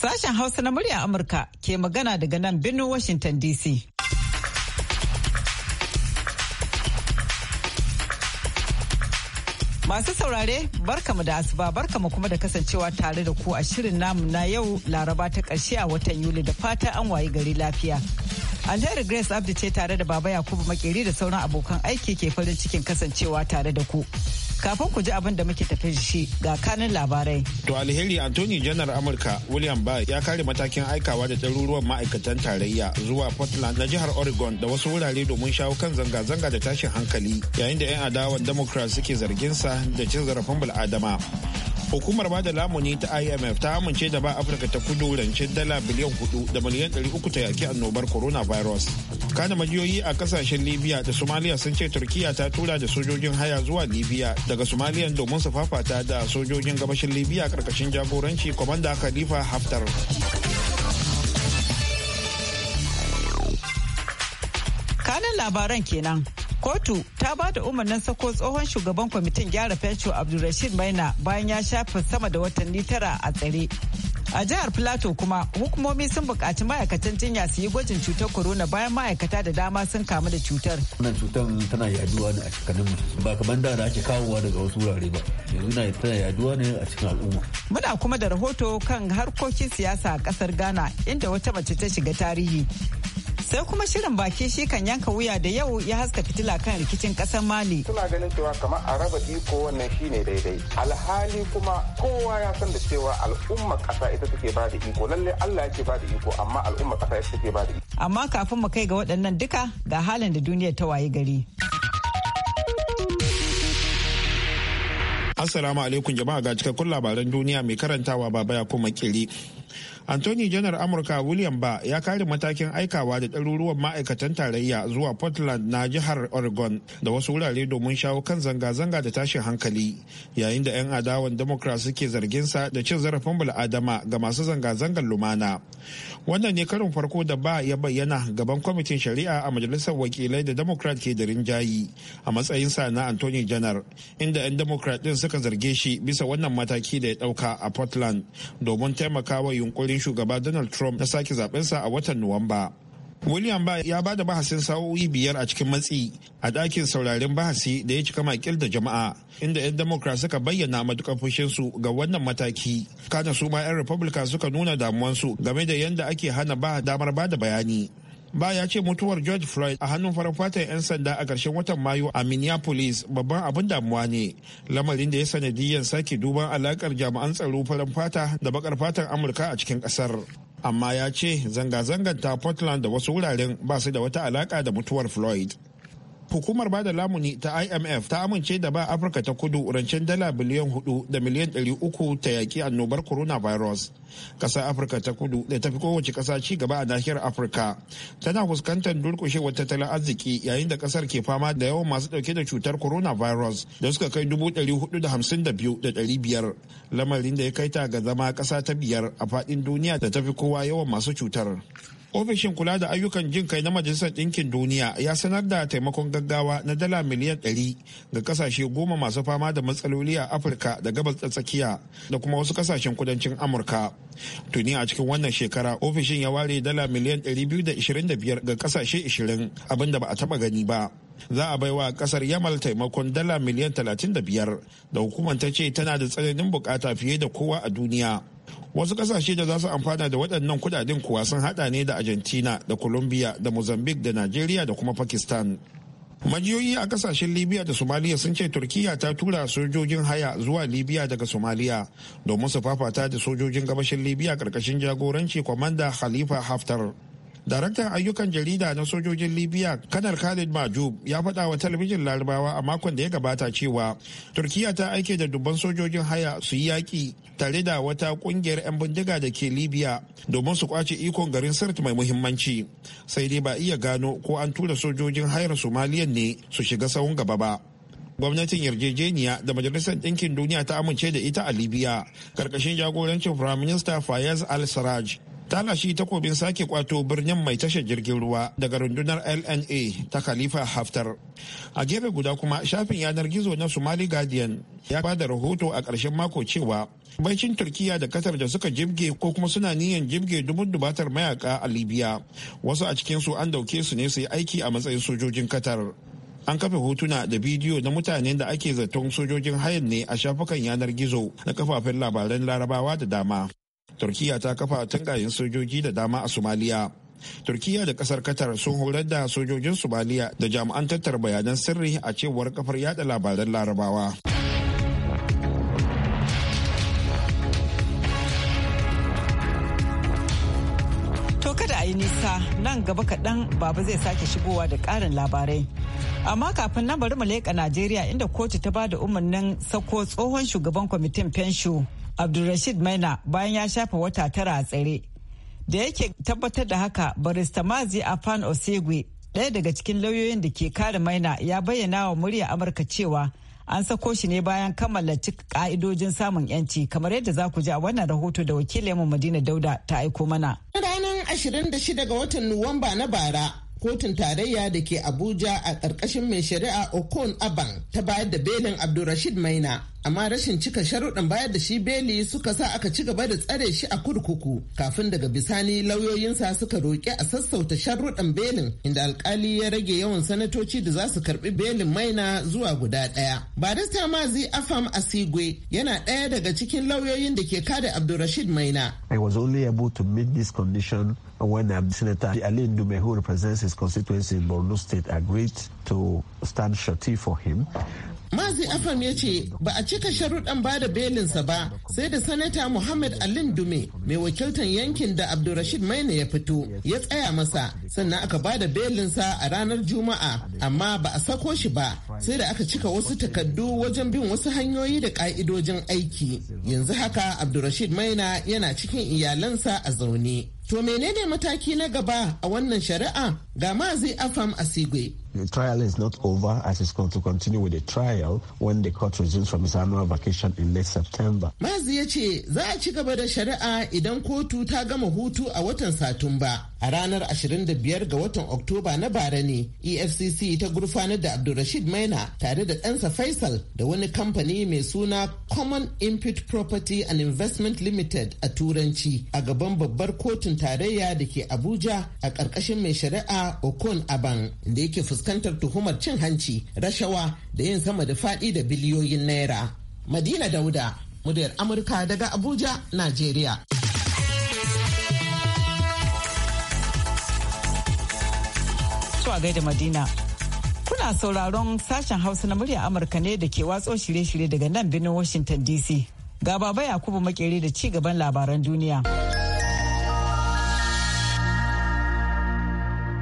Sashen Hausa na murya Amurka ke magana daga nan birnin Washington DC. Masu saurare barkamu da asuba barkamu kuma da kasancewa tare da ku a shirin namu na yau laraba ta ƙarshe a watan Yuli da fata an wayi gari lafiya. Alheri Grace Abdi ce tare da Baba Yakubu Makeri da sauran abokan aiki ke farin cikin kasancewa tare da ku. Kafin ku ji abin da muke tafi shi ga kanin labarai. To alheri Anthony Janar Amurka William Bay ya kare matakin aikawa da ɗaruruwan ma'aikatan tarayya zuwa Portland na jihar Oregon da wasu wurare domin shawo kan zanga-zanga da tashin hankali yayin da 'yan adawan Democrats suke zargin sa da cin zarafin bil'adama. hukumar ba da lamuni ta imf ta amince da ba afirka ta kudu rancen dala biliyan hudu da miliyan ɗari uku ta yaki annobar coronavirus kana majiyoyi a kasashen libya da somalia sun ce turkiya ta tura da sojojin haya zuwa libya daga somaliya domin su fafata da sojojin gabashin libya karkashin jagoranci kwamanda khalifa haftar kanan labaran kenan kotu ta ba da umarnin sako tsohon shugaban kwamitin gyara fensho abdulrashid maina bayan ya shafe sama da watanni tara a tsare A jihar Plateau kuma hukumomi sun bukaci ma'aikatan jinya su yi gwajin cutar corona bayan ma'aikata da dama sun kamu da cutar. Wannan cutar tana yaduwa ne a cikin ba kamar da da ake kawowa daga wasu wurare ba yanzu na tana yaduwa ne a cikin al'umma. Muna kuma da rahoto kan harkokin siyasa a kasar Ghana inda wata mace ta shiga tarihi. sai kuma shirin baki shi kan yanka wuya da yau ya haska fitila kan rikicin kasar mali suna ganin cewa kamar a raba iko wannan shine daidai alhali kuma kowa ya san da cewa al'umma kasa ita take ba da iko lalle allah yake ba da iko amma al'umma kasa ita take ba da iko amma kafin mu kai ga waɗannan duka ga halin da duniyar ta waye gari Assalamu alaikum jama'a ga cikakkun labaran duniya mai karantawa baba ya kuma kiri. Anthony janar Amurka William Ba ya kare matakin aikawa da ɗaruruwan ma'aikatan tarayya zuwa Portland na jihar Oregon da wasu wurare domin shawo kan zanga-zanga da tashin hankali yayin da 'yan adawan Democrat suke zargin sa da cin zarafin bul'adama ga masu zanga-zangar lumana. Wannan ne karin farko da Ba ya bayyana gaban kwamitin shari'a a majalisar wakilai da Democrat ke da rinjayi a matsayinsa na Anthony janar inda 'yan Democrat din suka zarge shi bisa wannan mataki da ya ɗauka a Portland domin taimakawa yunkurin shugaba donald trump na sake zabensa a watan nuwamba william ba ya ba da bahasin sa'o'i biyar a cikin matsi a ɗakin sauraren bahasi da ya cika makil da jama'a inda 'yan democrat suka bayyana matukar fushinsu ga wannan mataki kana su ma 'yan republican suka nuna damuwansu game da yadda ake hana ba damar ba da bayani ba ya ce mutuwar george floyd a hannun farin fatan 'yan sanda a ƙarshen watan mayu a minneapolis babban abin damuwa ne lamarin da ya sanadiyyar sake duban alakar jami'an tsaro farin fata da bakar fatan amurka a cikin ƙasar amma ya ce zanga-zangar ta portland da wasu wuraren ba su da wata alaka da mutuwar floyd hukumar bada lamuni ta imf ta amince da ba afirka ta kudu rancen dala biliyan hudu da miliyan ɗari uku ta yaki annobar coronavirus Ƙasa afirka ta kudu da tafi kowace ƙasa ci gaba a nahiyar afirka tana fuskantar wata tattalin arziki yayin da ƙasar ke fama da yawan masu ɗauke da cutar coronavirus da suka kai dubu ɗari hudu da hamsin da biyu da ɗari biyar lamarin da ya kai ta ga zama ƙasa ta biyar a faɗin duniya da tafi kowa yawan masu cutar. ofishin kula da ayyukan jin kai na majalisar ɗinkin duniya ya sanar da taimakon gaggawa na dala miliyan 100 ga kasashe goma masu fama da matsaloli a afirka da gabas ta tsakiya da kuma wasu kasashen kudancin amurka tuni a cikin wannan shekara ofishin ya ware dala miliyan 225 ga kasashe 20 abinda ba a taba gani ba za a baiwa kasar yamal taimakon dala miliyan 35 da hukumar ta ce tana da tsananin bukata fiye da kowa a duniya wasu kasashe da za su amfana da waɗannan kudaden kuwa sun hada ne da argentina da colombia da mozambique da nigeria da kuma pakistan majiyoyi a kasashen libya da somaliya sun ce turkiya ta tura sojojin haya zuwa libya daga somaliya domin su fafata da sojojin gabashin libya karkashin jagoranci kwamanda khalifa haftar daraktan ayyukan jarida na sojojin libya kanar khalid majub ya faɗa wa talabijin larabawa a makon da ya gabata cewa turkiya ta aike da dubban sojojin haya su yi yaƙi tare da wata ƙungiyar 'yan bindiga da ke libya domin su kwace ikon garin sirt mai muhimmanci sai dai ba iya gano ko an tura sojojin hayar somaliyan ne su shiga sahun gaba ba gwamnatin yarjejeniya da majalisar ɗinkin duniya ta amince da ita a libya karkashin jagorancin firaminista fayez al-sarraj tana shi takobin sake kwato birnin mai tashar jirgin ruwa daga rundunar lna ta khalifa haftar a gefe guda kuma shafin yanar gizo na somali guardian ya ba da rahoto a ƙarshen mako cewa baicin turkiya da katar da suka jibge ko kuma suna niyan jibge dubun dubatar mayaka a libya wasu a cikinsu an dauke su ne su yi aiki a matsayin sojojin katar an kafe hotuna da bidiyo na mutanen da ake zaton sojojin hayan ne a shafukan yanar gizo na kafafen labaran larabawa da dama turkiya ta kafa tangayen sojoji da dama a somaliya turkiya da kasar qatar sun horar da sojojin somaliya da jami'an tattara bayanan sirri a cewar kafar yada labaran larabawa To kada a nisa nan gaba kaɗan baba zai sake shigowa da ƙarin labarai. Amma kafin nan bari mu leƙa Najeriya inda kotu ta ba da umarnin sako tsohon shugaban kwamitin fensho Abdulrashid Maina bayan ya shafa wata tara a tsare. Da yake tabbatar da haka barista Mazi Afan Osegwe ɗaya daga cikin lauyoyin da ke kare Maina ya bayyana wa murya Amurka cewa an sako shi ne bayan kammala cik ka'idojin samun yanci kamar yadda za ku ji a wannan rahoto da wakilinmu Madina Dauda ta aiko mana. Ranar 26 ga watan Nuwamba na bara kotun tarayya da ke abuja a ƙarƙashin mai shari'a okon aban ta bayar da belin abdulrashid maina amma rashin cika sharuɗin bayar da shi beli suka sa aka ci gaba da tsare shi a kurkuku kafin daga bisani lauyoyinsa suka roƙi a sassauta sharuɗin belin inda alkali ya rage yawan sanatoci da za su karɓi belin maina zuwa guda ɗaya barista mazi afam asigwe yana ɗaya daga cikin lauyoyin da ke kada abdulrashid maina i was only able to meet this condition when the um, Senator Ali Ndume, who represents his constituency in Borno State, agreed to stand shorty for him. Mazi Afam ya ce ba a cika sharuɗan ba da belinsa ba sai da sanata Muhammad Alin Dume mai wakiltan yankin da Abdulrashid Maina ya fito ya tsaya masa sannan aka ba da belinsa a ranar Juma'a amma ba a sako shi ba sai da aka cika wasu takaddu wajen bin wasu hanyoyi da ka'idojin aiki. Yanzu haka Abdulrashid Maina yana cikin iyalansa a zaune. To menene mataki na gaba a wannan shari'a ga Mazi Afam Asigwe the trial is not over as it's going to continue with the trial when the court resumes from its annual vacation in late September. Mazi ya ce za a ci gaba da shari'a idan kotu ta gama hutu a watan Satumba. A ranar 25 ga watan Oktoba na bara ne EFCC ta gurfanar da Abdulrashid Maina tare da ɗansa Faisal da wani kamfani mai suna Common Input Property and Investment Limited a Turanci a gaban babbar kotun tarayya da ke Abuja a ƙarƙashin mai shari'a Okon Aban da yake fuskantar tuhumar cin hanci rashawa da yin sama da faɗi da biliyoyin naira madina dauda muryar amurka daga abuja najeriya gaida Madina. Kuna sauraron sashen Hausa na murya Amurka ne da ke watso shirye-shirye daga nan birnin Washington DC. Ga baba Yakubu makere da ci gaban labaran duniya.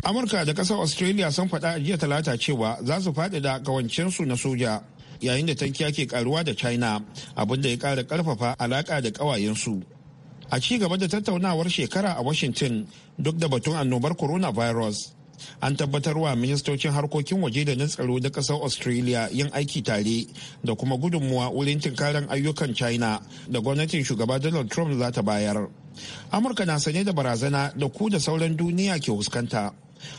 amurka da kasar australia sun faɗa a jiya talata cewa za su da kawancinsu na soja yayin da tankiya ke karuwa da china abin da ya ƙara ƙarfafa alaƙa da ƙawayensu a ci gaba da tattaunawar shekara a washington duk da batun annobar coronavirus an tabbatarwa ministocin harkokin waje da na tsaro da ƙasar australia yin aiki tare da kuma gudunmuwa wurin tunkarar ayyukan china da gwamnatin shugaba donald trump za ta bayar amurka na sane da barazana da ku da sauran duniya ke fuskanta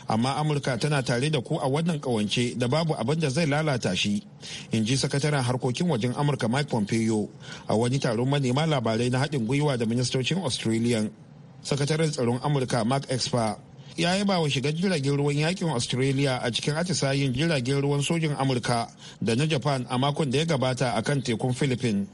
amma amurka tana tare da ku a wannan kawance da babu abin da zai lalata shi in ji sakataren harkokin wajen amurka mike pompeo a wani taron manema labarai na haɗin gwiwa da ministocin australian sakataren tsaron amurka mark expa ya yaba wa shiga jiragen ruwan yakin australia a cikin atisayin jiragen ruwan sojin amurka da na japan a makon da ya gabata a kan tekun philippines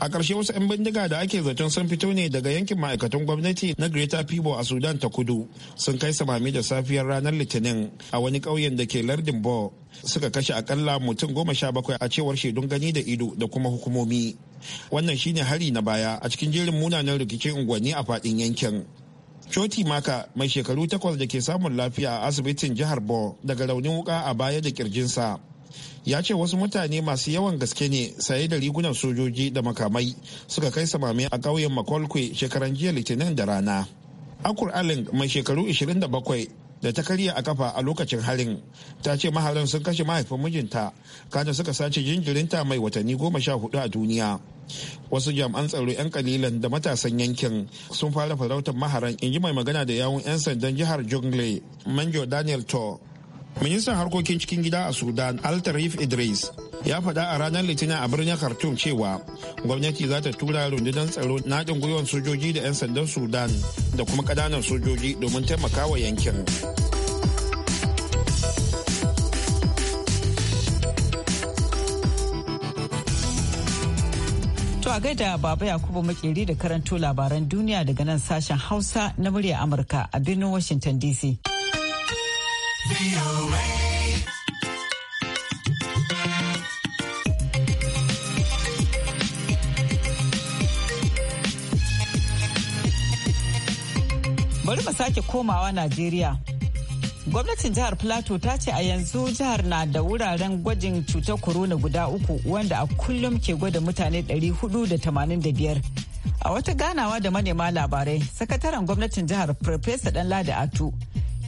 a ƙarshe wasu 'yan bindiga da ake zaton sun fito ne daga yankin ma'aikatan gwamnati na greater pibo a sudan ta kudu sun kai samami da safiyar ranar litinin a wani ƙauyen da ke lardin bo suka kashe akalla mutum goma sha bakwai a cewar shaidun gani da ido da kuma hukumomi wannan shine hari na baya a cikin jerin munanan rikicin unguwanni a faɗin yankin Choti Maka mai shekaru takwas da ke samun lafiya a asibitin jihar Bo daga raunin wuka a baya da kirjinsa ya ce wasu mutane masu yawan gaske ne saye da rigunan sojoji da makamai suka kai samami a ƙauyen makolkwe shekaran jiya litinin da rana akur allen mai shekaru 27 da ta karya a kafa a lokacin harin ta ce maharan sun kashe mahaifin mijinta kana suka sace jinjirinta mai watanni goma sha hudu a duniya wasu jami'an tsaro 'yan kalilan da matasan yankin sun fara farautar maharan in ji mai magana da yawun 'yan sandan jihar jungle manjo daniel to ministan harkokin cikin gida a sudan altarif idris ya faɗa a ranar litinin a birnin khartoum cewa gwamnati za ta tura rundunar tsaro na haɗin gwiwar sojoji da 'yan sandan sudan da kuma ƙananan sojoji domin taimaka wa yankin To a gaida Baba Yakubu Makeri da karanto labaran duniya daga nan sashen Hausa na murya Amurka a birnin Washington DC. Bari mu sake komawa Najeriya. Gwamnatin jihar Plateau ta ce a yanzu jihar na da wuraren gwajin cutar korona guda uku wanda a kullum ke gwada mutane 485. A wata ganawa da manema labarai, sakataren gwamnatin jihar Farfesa Danladi Atu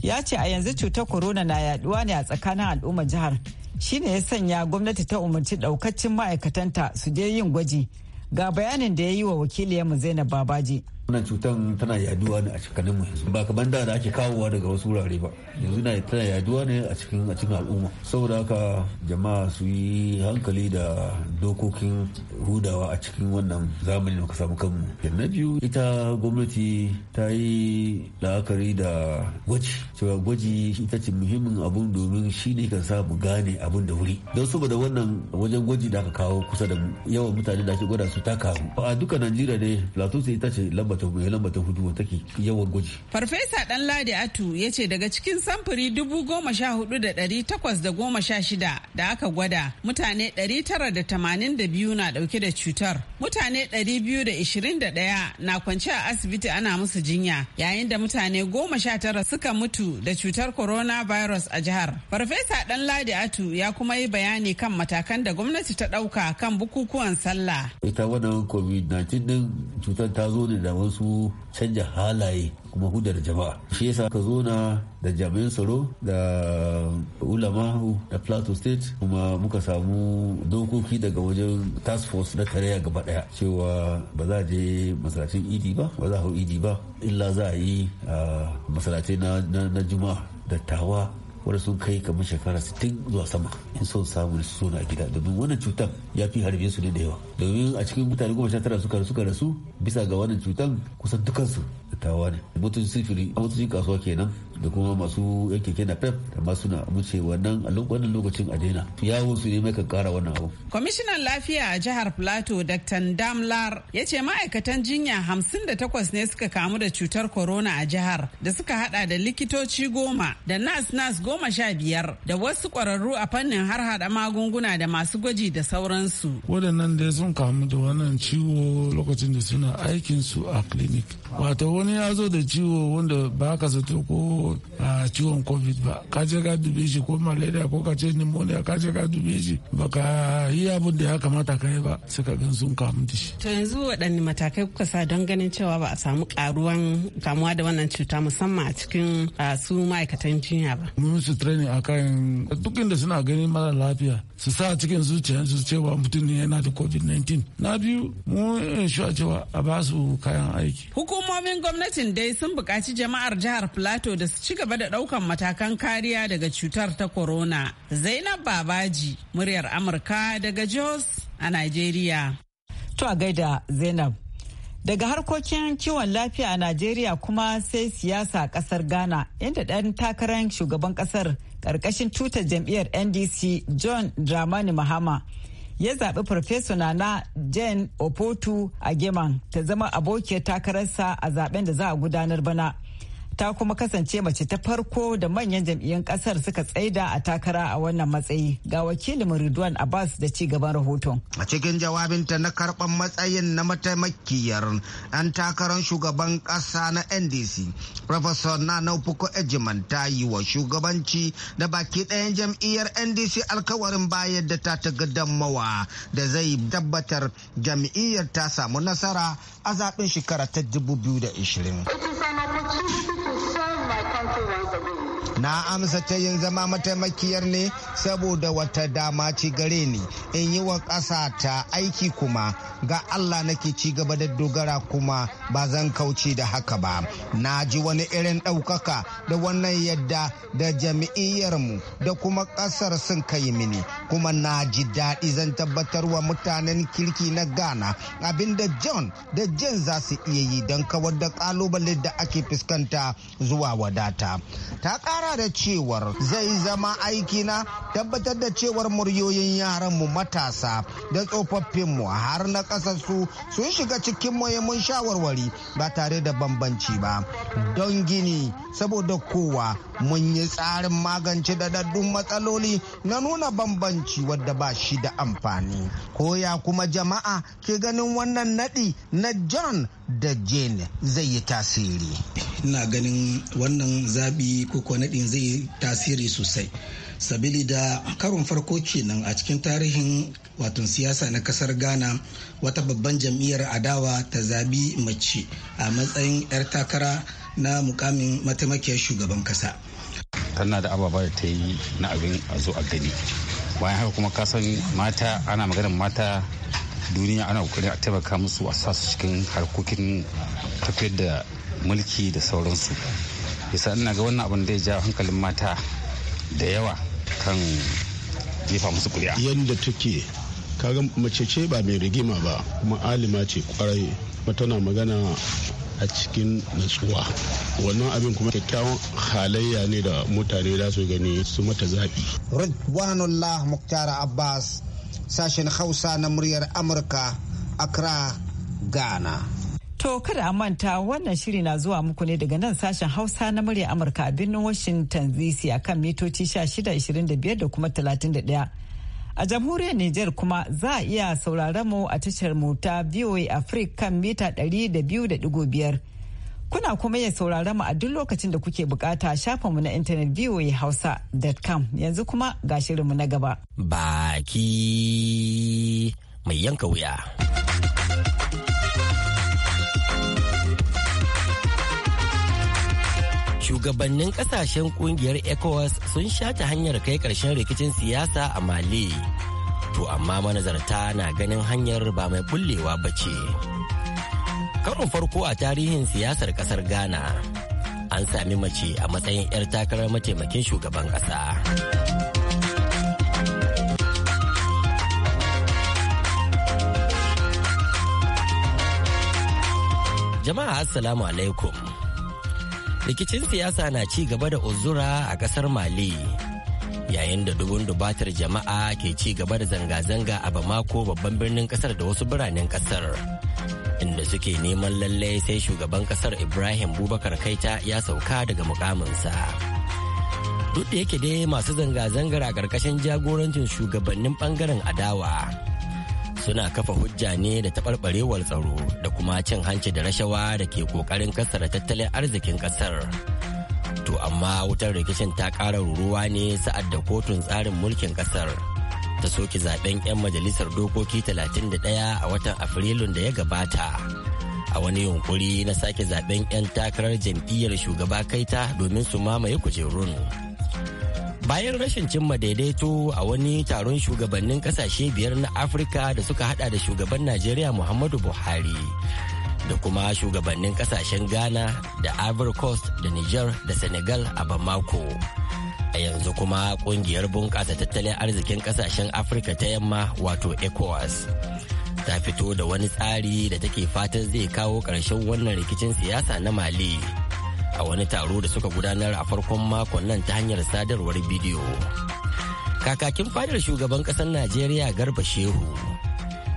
ya ce a yanzu cutar corona na yaduwa ne a tsakanin al'ummar jihar shi ne ya sanya gwamnati ta umarci daukacin ma'aikatanta su je yin gwaji ga bayanin da ya yi wa wakiliyarmu zainab babaji wannan cutar tana yaduwa ne a cikin mu yanzu ba kamar da ake kawowa daga wasu wurare ba yanzu na tana yaduwa ne a cikin a cikin al'umma saboda haka jama'a su yi hankali da dokokin hudawa a cikin wannan zamani da ka samu kanmu na biyu ita gwamnati ta yi la'akari da gwaji cewa gwaji ita ce muhimmin abun domin shi ne kan sa mu gane abun da wuri don saboda wannan wajen gwaji da aka kawo kusa da yawan mutane da ake gwada su ta kawo a duka najeriya ne plateau ita ce lamba ta lamba ta hudu wata ke yawan gwaji. Farfesa Danladi Atu ya ce daga cikin samfuri dubu goma sha hudu da ɗari takwas da goma sha shida da aka gwada mutane ɗari tara da tamanin da biyu na ɗauke da cutar. Mutane ɗari biyu da ishirin da ɗaya na kwance a asibiti ana musu jinya yayin da mutane goma sha tara suka mutu da cutar corona virus a jihar. Farfesa Danladi Atu ya kuma yi bayani kan matakan da gwamnati ta ɗauka kan bukukuwan sallah. Ita wannan COVID-19 din cutar ta zo ne da wasu canja halaye kuma hudar jama'a shi yasa ka zo na da jami'an tsaro da ulama da plateau state kuma muka samu dokoki daga wajen task force na tarayya gaba daya cewa ba za je masalacin idi ba ba za hau idi ba illa za a yi ah, masalacin na juma'a tawa. wanda sun kai kamar shekara 60 zuwa sama in son samun da su a gida domin wannan cutar ya fi harbe su ne da yawa domin a cikin mutane goma sha tara suka rasu suka rasu bisa ga wannan cutar kusan dukansu da tawa ne mutum sifiri a mutum kasuwa kenan da kuma masu yan keke na pep da masu na ce wannan a wannan lokacin a daina yawon su ne mai kan kara wannan abu. kwamishinan lafiya a jihar plateau dr damlar ya ce ma'aikatan jinya hamsin da takwas ne suka kamu da cutar corona a jihar da suka hada da likitoci goma da nas nas goma sha biyar da wasu kwararru a fannin har hada magunguna da masu gwaji da sauransu. waɗannan dai sun kamu da wannan ciwo lokacin da suna aikin su a clinic wato wani ya zo da ciwo wanda ba ka zato ko ciwon ah, ciwon covid ba ka je ka dube shi ko malaria ko ka ce pneumonia ka je ka dube shi ka yi abin da ya kamata ka yi ba suka gan sun kamu da shi to yanzu waɗanne matakai kuka sa don ganin cewa ba a samu karuwan kamuwa da wannan cuta musamman a cikin ah, su ma'aikatan jinya ba mun su training akan duk inda suna ganin mara lafiya su sa cikin su cewa mutum ne yana da covid-19 na biyu mu shi cewa a ba su kayan aiki hukumomin gwamnatin dai sun buƙaci jama'ar jihar plateau da su ci gaba da daukan matakan kariya daga cutar ta corona. Zainab Babaji, muryar Amurka daga Jos a nigeria. To a gaida Zainab. Daga harkokin kiwon lafiya a Najeriya kuma sai siyasa a kasar Ghana inda ɗan takarar shugaban kasar ƙarƙashin tutar jam'iyyar NDC John Dramani Mahama ya zaɓi Farfesa Nana Jane Opotu a Geman ta zama abokiyar takararsa a zaben da za a gudanar bana. ta kuma kasance mace ta farko da manyan jam'iyyun kasar suka tsaida a takara a wannan matsayi ga wakilin Ridwan Abbas da ci gaban rahoton. A cikin jawabinta na karban matsayin na mataimakiyar ɗan takarar shugaban kasa na NDC, Professor Nana Fuko Ejiman ta yi wa shugabanci da baki ɗayan jam'iyyar NDC alkawarin bayar da ta tagadammawa da zai tabbatar jam'iyyar ta samu nasara a zaɓen shekara ta 2020. Na amsa ta yin zama mataimakiyar ne saboda wata dama ci gare ni in yi wa ƙasa ta aiki kuma ga Allah nake ci gaba da dogara kuma ba zan kauce da haka ba. Na ji wani irin ɗaukaka da wannan yadda da jami'iyyarmu da kuma ƙasar sun kai mini kuma na ji daɗi zan tabbatar wa mutanen kirki na ghana abinda john da jen za su iya yi don kawar da ƙalubale da ake fuskanta zuwa wadata ta ƙara da cewar zai zama aiki na tabbatar da cewar muryoyin yaranmu matasa da tsofaffinmu har na ƙasarsu sun shiga cikin muhimmin shawarwari ba tare da bambanci ba don gini saboda kowa mun yi tsarin magance da matsaloli na nuna bambanci banci wadda ba shi da amfani koya kuma jama'a ke ganin wannan naɗi na john da jane zai yi tasiri ina ganin wannan zabi ko naɗin zai yi tasiri sosai sabili da karon farko kenan a cikin tarihin watan siyasa na kasar ghana wata babban jam'iyyar adawa ta zabi mace a matsayin 'yar takara na mukamin mataimakiyar shugaban kasa tana da ababa da ta yi na abin a zo a gani bayan haka kuma kasan mata ana maganar mata duniya ana kokarin a taimaka musu a sa su cikin harkokin tafiyar da mulki da sauransu yasa ina ga wannan abin da ya ja hankalin mata da yawa kan jefa musu kuri'a yadda take kaga mace ce ba mai rigima ba kuma alima ce kwarai tana magana a cikin natsuwa wannan abin kuma kyakkyawan halayya ne da mutane za su gani su mata zaɓi. Ridwanullah Muktar Abbas sashen Hausa na muryar Amurka Accra Ghana. To kada a manta wannan shiri na zuwa muku ne daga nan sashen Hausa na muryar Amurka a birnin Washington DC akan mitoci 1625 da kuma 31. A jamhuriyar Nijar kuma za a iya sauraron mu a tashar mu ta VOA Africa kan mita 200.5. Kuna kuma iya sauraron mu a duk lokacin da kuke bukata shafa mu na intanet voahausa.com yanzu kuma ga shirinmu na gaba. Baki mai yanka wuya. shugabannin kasashen kungiyar ecowas sun sha ta hanyar kai karshen rikicin siyasa a mali to amma manazarta na ganin hanyar ba mai bullewa ba ce karon farko a tarihin siyasar kasar ghana an sami mace a matsayin 'yar takarar mataimakin shugaban kasa jama'a assalamu alaikum rikicin siyasa na ci gaba da uzura a kasar mali yayin da dubun dubatar jama'a ke ci gaba da zanga-zanga a bamako babban birnin kasar da wasu biranen kasar inda suke neman lallai sai shugaban kasar ibrahim bubakar kaita ya sauka daga mukaminsa duk da yake dai masu zanga-zangar a ƙarƙashin jagorancin shugabannin ɓangaren adawa suna kafa hujja ne da taɓarɓarewar tsaro da kuma cin hanci da rashawa da ke ƙoƙarin kassara tattalin arzikin ƙasar. To amma wutar rikicin ta ƙara ruruwa ne sa'ad da kotun tsarin mulkin ƙasar ta soke zaben 'yan majalisar dokoki 31 a watan Afrilun da ya gabata. A wani yunkuri na sake zaben 'yan takarar jam'iyyar shugaba kaita domin su mamaye kujerun. bayan rashin cimma daidaito a wani taron shugabannin kasashe biyar na afirka da suka hada da shugaban najeriya muhammadu buhari da kuma shugabannin kasashen ghana da ivory coast da niger da senegal a bamako a yanzu kuma kungiyar bunƙasa tattalin arzikin kasashen afirka ta yamma wato ecowas ta fito da wani tsari da take fatan zai kawo ƙarshen wannan rikicin siyasa na mali. a wani taro da suka gudanar a farkon makon nan ta hanyar sadarwar bidiyo. Kakakin fadar shugaban ƙasar Najeriya Garba Shehu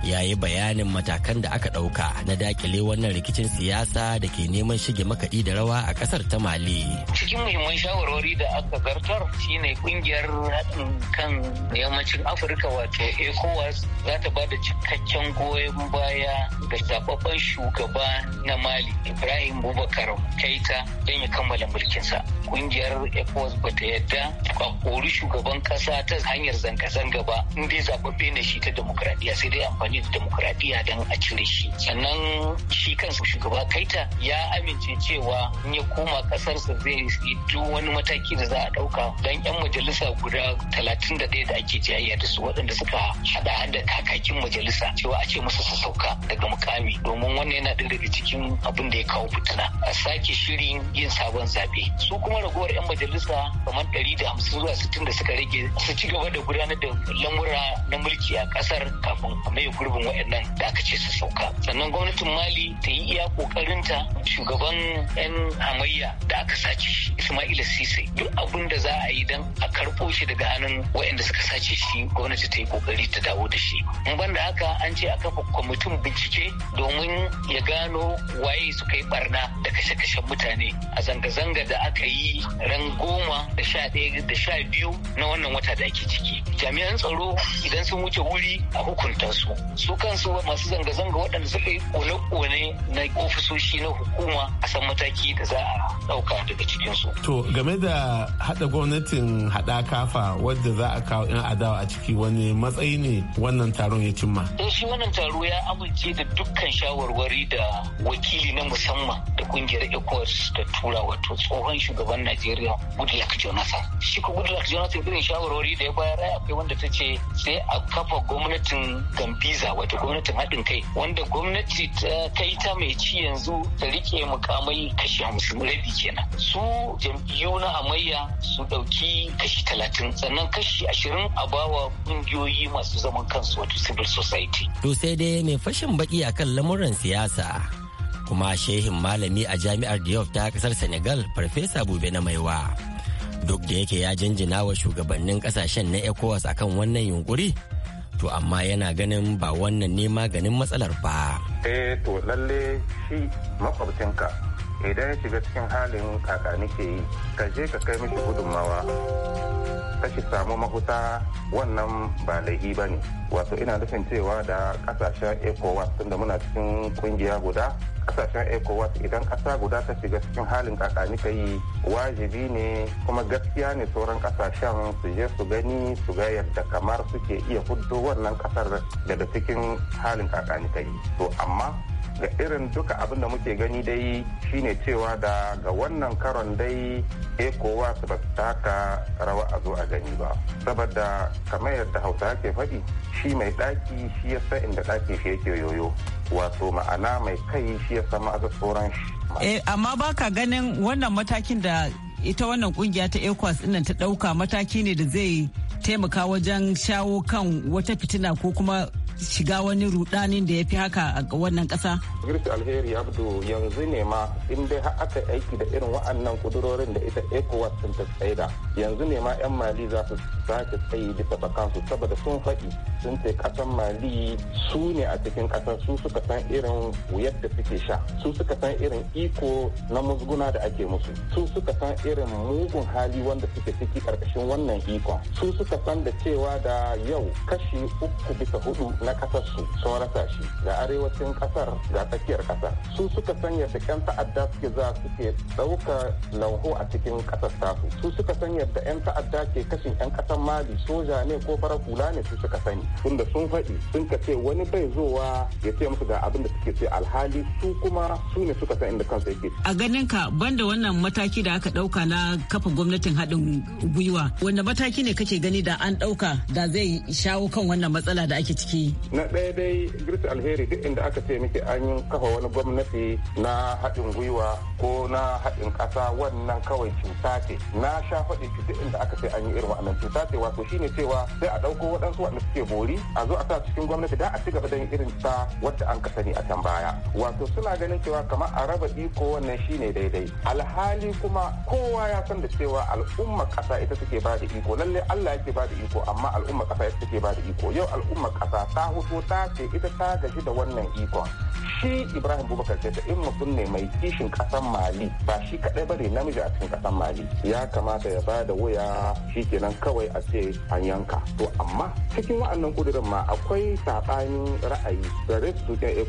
ya yi bayanin matakan da aka ɗauka na dakile wannan rikicin siyasa da ke neman shige makaɗi da rawa a ƙasar ta mali cikin muhimman shawarwari da aka zartar shine kungiyar haɗin kan yammacin afirka wato ecowas za ta ba da cikakken goyon baya ga zababben shugaba na mali ibrahim bubakar keita don ya kammala mulkinsa kungiyar ecowas ba ta yadda a kori shugaban ƙasa ta hanyar zanga-zanga ba in dai zababbe na shi ta demokradiyya sai dai amfani amfani da demokuraɗiyya don a cire shi sannan shi kansa shugaba kaita ya amince cewa in ya koma kasarsa zai yi duk wani mataki da za a ɗauka don 'yan majalisa guda talatin da ɗaya da ake jayayya da su waɗanda suka haɗa da kakakin majalisa cewa a ce musu su sauka daga mukami domin wannan yana ɗaya daga cikin abin da ya kawo fitina a sake shirin yin sabon zaɓe su kuma ragowar 'yan majalisa kamar ɗari da hamsin zuwa sittin da suka rage su ci gaba da gudanar da lamura na mulki a ƙasar kafin a mai gurbin waɗannan da aka ce su sauka sannan gwamnatin mali ta yi iya ƙoƙarinta shugaban 'yan hamayya da aka sace shi ismaila sise duk abin da za a yi dan a karɓo shi daga hannun waɗanda suka sace shi gwamnati ta yi ƙoƙari ta dawo da shi in ban da haka an ce a kafa kwamitin bincike domin ya gano waye suka yi barna da kashe-kashen mutane a zanga-zanga da aka yi ran goma da sha ɗaya da sha biyu na wannan wata da ake ciki jami'an tsaro idan sun wuce wuri a hukunta su su kansu masu zanga-zanga waɗanda suka yi kone-kone na ofisoshi na hukuma a san mataki da za a ɗauka daga cikin su. To game da haɗa gwamnatin haɗa kafa wadda za a kawo 'yan adawa a ciki wani matsayi ne wannan taron ya cimma? Eh shi wannan taro ya amince da dukkan shawarwari da wakili na musamman da kungiyar ECOWAS da tura wato tsohon shugaban Najeriya Goodluck Jonathan. Shi ko Goodluck Jonathan irin shawarwari da ya bayar akwai wanda ta ce sai a kafa gwamnatin Gambiza visa wato gwamnatin haɗin kai wanda gwamnati ta kai ta mai ci yanzu ta rike mukamai kashi hamsin rabi kenan su jam'iyyu na amayya su ɗauki kashi talatin sannan kashi ashirin a bawa ƙungiyoyi masu zaman kansu wato civil society. To sai dai mai fashin baki akan lamuran siyasa kuma shehin malami a jami'ar Diop ta kasar Senegal Farfesa Bube na Maiwa. Duk da yake ya jinjina wa shugabannin kasashen na ECOWAS akan wannan yunkuri, to amma yana ganin ba wannan ne maganin matsalar ba. Eh to lalle shi makwabcinka idan ya shiga cikin halin kaka nake yi ka je ka kai mishi gudunmawa kashi samu mahuta wannan ba laifi ba ne wato ina nufin cewa da kasashen ecowas tunda muna cikin kungiya guda kasashen ecowas idan kasa guda ta shiga cikin halin kakani ka yi wajibi ne kuma gaskiya ne sauran kasashen su je su gani su ga yadda kamar suke iya hudu wannan kasar daga cikin halin kakani ka yi to amma da irin duka abin da muke gani dai shine cewa da ga wannan karon dai ecowas eh, ba su taka rawa a zo a gani ba saboda kamar yadda hausa ke faɗi shi mai ɗaki shi ya san inda ɗaki shi yake yoyo wato ma'ana mai kai shi ya sa a tsoron shi. Eh, amma baka ganin wannan matakin da ita wannan kungiya ta ecowas ɗin ta ɗauka mataki ne da zai taimaka wajen shawo kan wata fitina ko kuma shiga wani rudanin da ya fi haka a wannan kasa? Girki Alheri Abdu yanzu ne ma in dai har aka aiki da irin wa'annan kudurorin da ita ECOWAS sun ta tsaida yanzu ne ma 'yan Mali za su sake tsayi bisa tsakansu saboda sun faɗi sun ce ƙasan mali su ne a cikin ƙasar su suka san irin wuyar da suke sha su suka san irin iko na musguna da ake musu su suka san irin mugun hali wanda suke ciki ƙarƙashin wannan ikon su suka san da cewa da yau kashi uku bisa hudu na ƙasar su sun rasa shi ga arewacin ƙasar ga tsakiyar ƙasar su suka san yadda ƴan ta'adda suke za suke ɗauka lauho a cikin ƙasar tasu su suka san yadda 'yan ta'adda ke kashin 'yan ƙasar kan mali soja ne ko farar hula ne su suka sani tunda sun faɗi sun ka ce wani bai zowa ya ce musu ga abin da suke ce alhali su kuma su ne suka san inda kansu yake a ganin ka banda wannan mataki da aka ɗauka na kafa gwamnatin haɗin gwiwa wanda mataki ne kake gani da an ɗauka da zai shawo kan wannan matsala da ake ciki na ɗaya dai girsi alheri duk inda aka ce miki an yi kafa wani gwamnati na haɗin gwiwa ko na haɗin ƙasa wannan kawai cuta ce na sha faɗi duk inda aka ce an yi irin wannan cuta cewa to shine cewa sai a ɗauko waɗansu waɗanda suke bori a zo a sa cikin gwamnati da a ci gaba da irin ta wacce an ka sani a can baya wato suna ganin cewa kamar a raba iko wannan shine daidai alhali kuma kowa ya san da cewa al'umma ƙasa ita suke ba da iko lalle Allah yake ba da iko amma al'umma ƙasa ita take ba da iko yau al'umma ƙasa ta hoto ta ce ita ta gaji da wannan ikon shi Ibrahim Bubakar ce in mutum ne mai kishin ƙasan Mali ba shi kaɗai ba namiji a cikin ƙasan Mali ya kamata ya ba da wuya shi kenan kawai a ce an yanka to amma cikin wa'annan kudurin ma akwai saɓanin ra'ayi da restu ɗin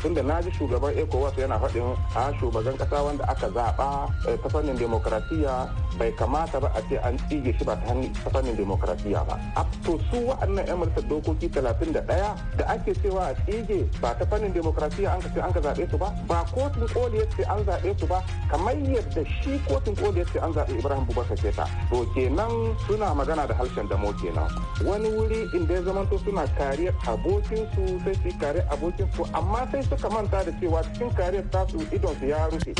tunda na ji shugaban ecowas yana faɗin a shugaban ƙasa wanda aka zaɓa eh, ta fannin demokrasiya bai kamata ba a ce an tsige shi ba ta fannin demokrasiya ba to su wa'annan 'yan majalisar dokoki talatin da ɗaya da ake cewa a tsige ba ta fannin demokrasiya an ka ce an ka zaɓe su ba ba kotun koli ya ce an zaɓe su ba kamar yadda shi kotun koli ya ce an zaɓe ibrahim bubakar keta to kenan suna magana magana da harshen damo kenan wani wuri inda ya zamanto suna kare abokinsu sai su kare abokinsu amma sai suka manta da cewa cikin kare tasu su ya rufe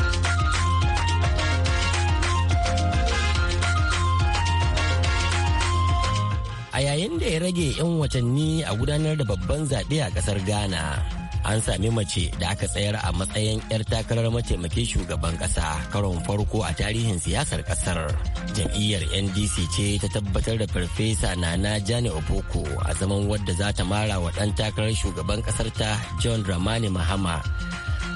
a yayin da ya rage 'yan watanni a gudanar da babban zaɓe a ƙasar ghana an sami mace da aka tsayar a matsayin 'yar takarar mataimakin shugaban ƙasa karon farko a tarihin siyasar ƙasar. Jam'iyyar NDC ce ta tabbatar da Farfesa Nana Jani Oboko, a zaman wadda za ta mara wa ɗan takarar shugaban ƙasar ta John Ramani Mahama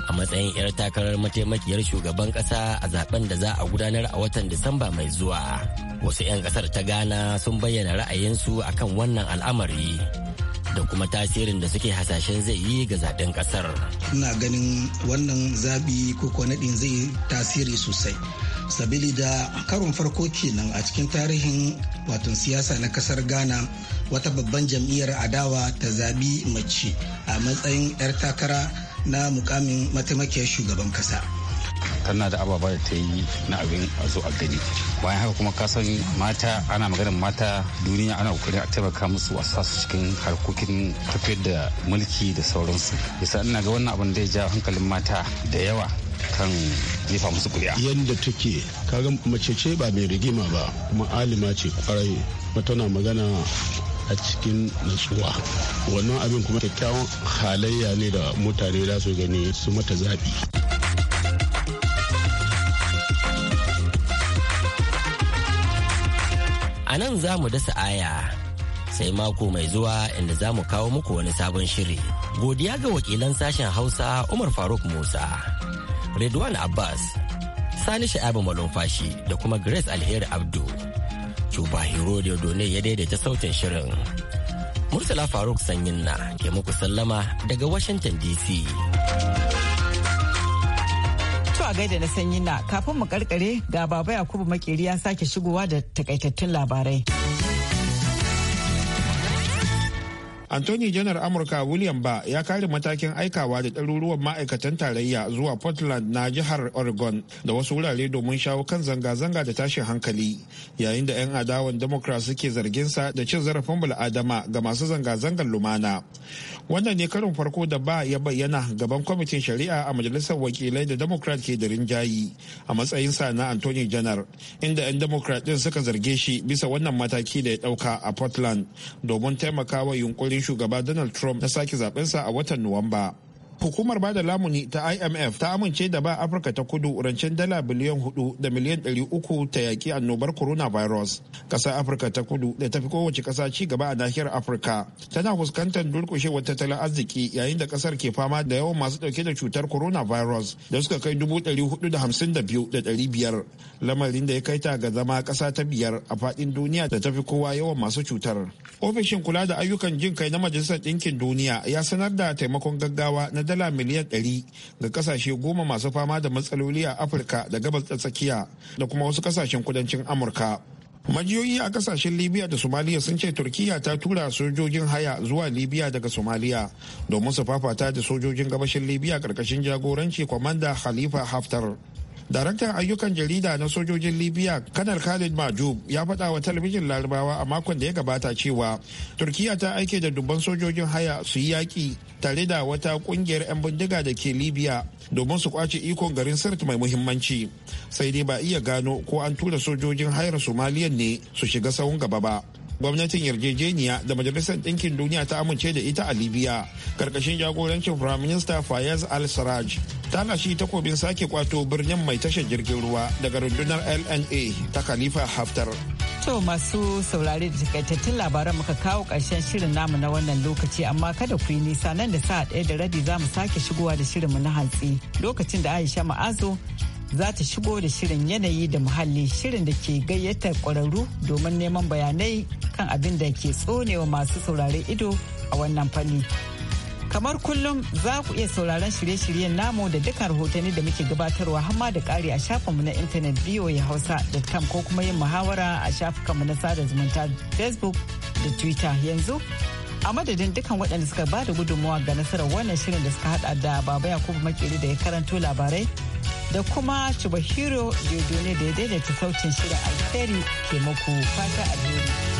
a matsayin 'yar takarar mataimakiyar shugaban ƙasa a zaben da za a gudanar a watan Disamba mai zuwa. Wasu 'yan ƙasar ta Ghana sun bayyana ra'ayinsu akan wannan al'amari. da kuma tasirin da suke hasashen zai yi ga zaɓen kasar. Ina ganin wannan zabi ko naɗin zai tasiri sosai. Sabili da karon farko kenan a cikin tarihin watan siyasa na kasar Ghana wata babban jam'iyyar adawa ta zabi mace a matsayin 'yar takara na mukamin mataimakiyar shugaban kasa. tana da ababa da ta yi na abin a zo a gani bayan haka kuma kasan mata ana maganar mata duniya ana kokarin a taimaka musu a sasu su cikin harkokin tafiyar da mulki da sauransu yasa ina ga wannan abin da ya ja hankalin mata da yawa kan jefa musu kuri'a yadda take kaga mace ce ba mai rigima ba kuma alima ce kwarai tana magana a cikin natsuwa wannan abin kuma kyakkyawan halayya ne da mutane za su gani su mata zaɓi a nan za mu dasa aya sai mako mai zuwa inda za mu kawo muku wani sabon shiri godiya ga wakilan sashen hausa umar faruk musa redwan abbas sani sha'abu malumfashi da kuma grace alheri abdu cuba hero da ya daidaita sautin shirin murtala faruk sanyin na ke muku sallama daga washington dc a gaida na sanyi na kafin mu karkare ga baba Yakubu makeri ya sake shigowa da takaitattun labarai. Anthony janar Amurka William ba ya kare matakin aikawa da ɗaruruwan ma'aikatan tarayya zuwa Portland na jihar Oregon da wasu wurare domin shawo kan zanga-zanga da tashin hankali yayin da 'yan adawan Democrat suke zarginsa da cin zarafin bul'adama ga masu zanga-zangar lumana. Wannan ne karin farko da ba ya bayyana gaban kwamitin shari'a a majalisar wakilai da Democrat ke da rinjayi a matsayinsa na Anthony janar inda 'yan Democrat din suka zarge shi bisa wannan mataki da ya ɗauka a Portland domin taimakawa yunkurin shugaba donald trump na sake zabensa a watan nuwamba hukumar bada lamuni ta imf ta amince da ba afirka ta kudu rancen dala biliyan hudu da miliyan ɗari uku ta yaƙi annobar coronavirus ƙasar afirka ta kudu da tafi kowace ƙasa ci gaba a nahiyar afirka tana fuskantar wata tala arziki yayin da ƙasar ke fama da yawan masu ɗauke da cutar coronavirus da suka kai dubu ɗari hudu da hamsin da biyu da ɗari biyar lamarin da ya kai ta ga zama ƙasa ta biyar a faɗin duniya da tafi kowa yawan masu cutar ofishin kula da ayyukan jin kai na majalisar ɗinkin duniya ya sanar da taimakon gaggawa na dala miliyan 100 ga kasashe goma masu fama da matsaloli a afirka da gabas da tsakiya da kuma wasu kasashen kudancin amurka majiyoyi a kasashen libya da somaliya sun ce turkiya ta tura sojojin haya zuwa libya daga somaliya domin su fafata da sojojin gabashin libya karkashin jagoranci kwamanda khalifa haftar daraktan ayyukan jarida na sojojin libya kanar khalid majub ya faɗa wa talabijin larabawa a makon da ya gabata cewa Turkiyya ta aike da dubban sojojin haya su yi yaƙi tare da wata ƙungiyar 'yan bindiga da ke libya domin su kwace ikon garin sirt mai muhimmanci sai dai ba iya gano ko an tura sojojin hayar somaliya ne su shiga sahun gaba ba gwamnatin yarjejeniya da majalisar ɗinkin duniya ta amince da ita a libya karkashin jagorancin prime minister fayez al-sarraj ta lashe takobin sake kwato birnin mai tashar jirgin ruwa daga rundunar lna ta khalifa haftar to masu saurari da takaitattun labaran muka kawo karshen shirin namu na wannan lokaci amma kada ku yi nisa nan da sa'a ɗaya da rabi za mu sake shigowa da shirinmu na hantsi lokacin da aisha ma'azo za ta shigo da shirin yanayi da muhalli shirin da ke gayyatar kwararru domin neman bayanai kan abin da ke tsonewa masu saurare ido a wannan fanni. Kamar kullum za ku iya sauraron shirye-shiryen namu da dukkan rahotanni da muke gabatarwa hamma da ƙari a shafinmu na intanet voa hausa.com ko kuma yin muhawara a shafukanmu na sada zumunta facebook da twitter yanzu a madadin dukkan waɗanda suka ba da gudunmawa ga nasarar wannan shirin da suka hada da baba yakubu makeri da ya karanto labarai da kuma Chubahiro Diodone da ya daidaita sautin shirin alheri ke muku fata alheri.